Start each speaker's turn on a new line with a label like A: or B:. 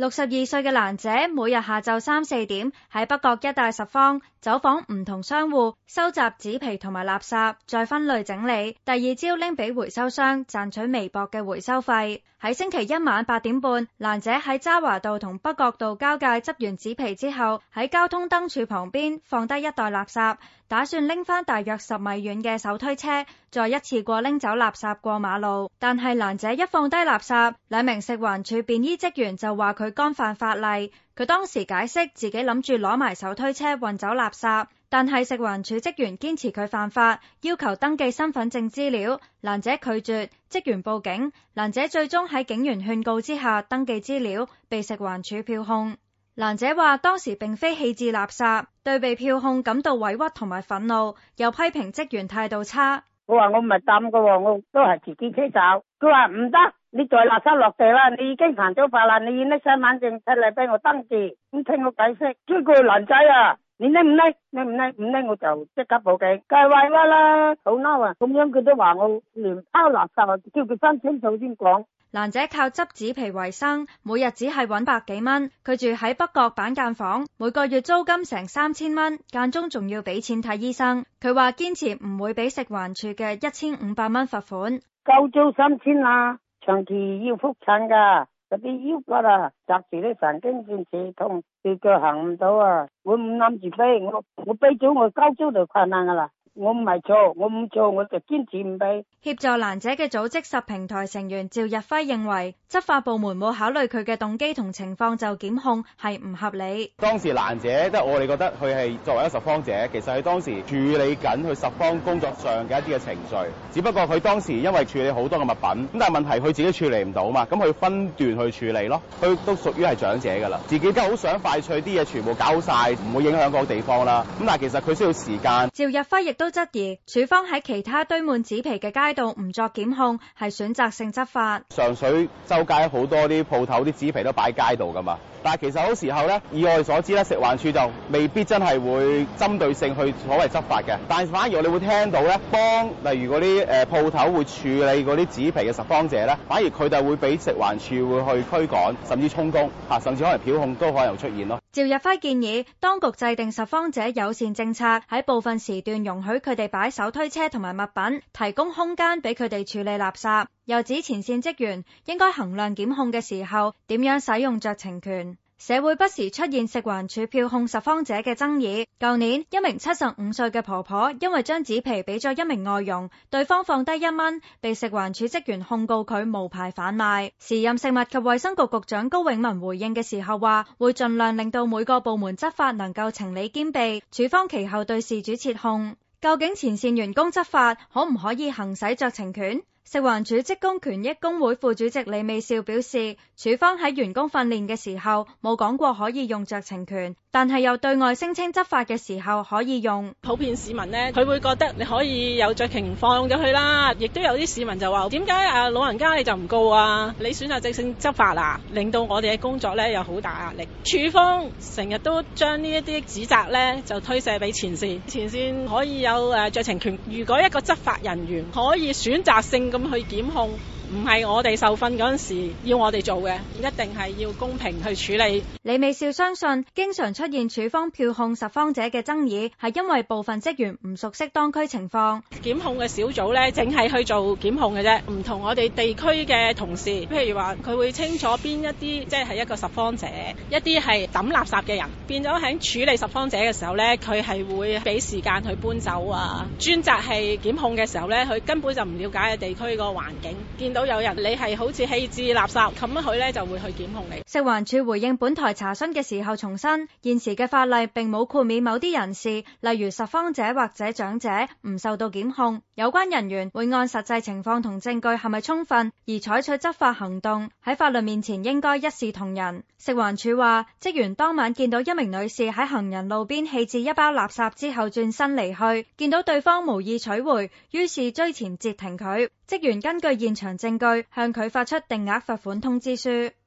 A: 六十二歲嘅蘭姐每日下晝三四點喺北角一帶拾荒，走訪唔同商戶收集紙皮同埋垃圾，再分類整理，第二朝拎俾回收商賺取微薄嘅回收費。喺星期一晚八點半，蘭姐喺渣華道同北角道交界執完紙皮之後，喺交通燈柱旁邊放低一袋垃圾，打算拎翻大約十米遠嘅手推車，再一次過拎走垃圾過馬路。但係蘭姐一放低垃圾，兩名食環署便衣職員就話佢，佢干犯法例，佢當時解釋自己諗住攞埋手推車運走垃圾，但係食環署職員堅持佢犯法，要求登記身份證資料，蘭姐拒絕，職員報警，蘭姐最終喺警員勸告之下登記資料，被食環署票控。蘭姐話當時並非棄置垃圾，對被票控感到委屈同埋憤怒，又批評職員態度差。我話我唔係抌㗎，我都係自己車走。佢話唔得。你再垃圾落地啦，你已經犯咗法啦，你搦身份
B: 證出嚟俾我登住，唔聽我解釋。呢個男仔啊，你搦唔搦？搦唔搦？唔
A: 搦我就即刻報警，計壞啦，好嬲啊！咁樣佢都話我亂拋垃圾，叫佢分清楚先講。蘭姐靠執紙皮為生，每日只係搵百幾蚊。佢住喺北角板間房，每個月租金成三千蚊，間中仲要俾錢睇醫生。佢話堅持唔會俾食環署嘅一千五百蚊罰款，夠租三千啦。上次要復診噶，嗰啲腰骨啊，紮住
B: 啲神經先刺痛，對腳行唔到啊！我唔諗住飛，我我飛咗我高度就困難噶啦。我唔係做，我唔做，我就堅持唔俾。
A: 協助蘭姐嘅組織拾平台成員趙日輝認為，執法部門冇考慮佢嘅動機同情況就檢控係唔合理。
C: 當時蘭姐，即係我哋覺得佢係作為一個拾荒者，其實佢當時處理緊佢拾荒工作上嘅一啲嘅程序，只不過佢當時因為處理好多嘅物品，咁但係問題佢自己處理唔到嘛，咁佢分段去處理咯，佢都屬於係長者噶啦，自己都好想快脆啲嘢全部搞好晒，唔會影響個地方啦。咁但係其實佢需要時間。
A: 趙日輝亦都質疑，處方喺其他堆滿紙皮嘅街道唔作檢控，係選擇性執法。
C: 上水周街好多啲鋪頭，啲紙皮都擺擺街度㗎嘛。但其實嗰時候咧，以我哋所知咧，食環署就未必真係會針對性去所謂執法嘅，但係反而我哋會聽到咧，幫例如嗰啲誒鋪頭會處理嗰啲紙皮嘅拾荒者咧，反而佢哋會俾食環署會去驅趕，甚至充公吓，甚至可能票控都可能出現咯。
A: 趙日輝建議當局制定拾荒者友善政策，喺部分時段容許佢哋擺手推車同埋物品，提供空間俾佢哋處理垃圾。又指前線職員應該衡量檢控嘅時候點樣使用酌情權。社會不時出現食環署票控拾荒者嘅爭議。舊年一名七十五歲嘅婆婆因為將紙皮俾咗一名外傭，對方放低一蚊，被食環署職員控告佢無牌販賣。時任食物及衛生局局長高永文回應嘅時候話，會儘量令到每個部門執法能夠情理兼備。署方其後對事主撤控。究竟前線員工執法可唔可以行使酌情權？食環署職工權益工會副主席李美兆表示，署方喺員工訓練嘅時候冇講過可以用酌情權。但係又對外聲稱執法嘅時候可以用，普
B: 遍市民呢，佢會覺得你可以有酌情放咗佢啦，亦都有啲市民就話點解誒，老人家你就唔告啊？你選擇性執法啦、啊，令到我哋嘅工作呢有好大壓力。署方成日都將呢一啲指責呢就推卸俾前線，前線可以有誒酌情權。如果一個執法人員可以選擇性咁去檢控，唔係我哋受訓嗰陣時要我哋做嘅，一定係要公平去
A: 處理。李美笑相信，經常出現署方票控拾荒者嘅爭議，係因為部分職員唔熟悉當區情況。
B: 檢控嘅小組呢，淨係去做檢控嘅啫，唔同我哋地區嘅同事，譬如話佢會清楚邊一啲即係一個拾荒者，一啲係抌垃圾嘅人，變咗喺處理拾荒者嘅時候呢，佢係會俾時間去搬走啊。專責係檢控嘅時候呢，佢根本就唔了解嘅地區個環境，見到到有人你係好似棄置垃圾，咁佢呢就會去檢控你。
A: 食環署回應本台查詢嘅時候重申，現時嘅法例並冇豁免某啲人士，例如拾荒者或者長者唔受到檢控。有關人員會按實際情況同證據係咪充分而採取執法行動。喺法律面前應該一視同仁。食環署話，職員當晚見到一名女士喺行人路邊棄置一包垃圾之後轉身離去，見到對方無意取回，於是追前截停佢。職員根據現場證據，向佢發出定額罰款通知書。